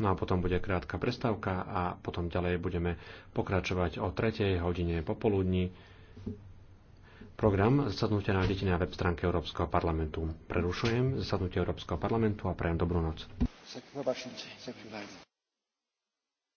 No a potom bude krátka prestávka a potom ďalej budeme pokračovať o 3. hodine popoludní. Program zasadnutia nájdete na web stránke Európskeho parlamentu. Prerušujem zasadnutie Európskeho parlamentu a prajem dobrú noc.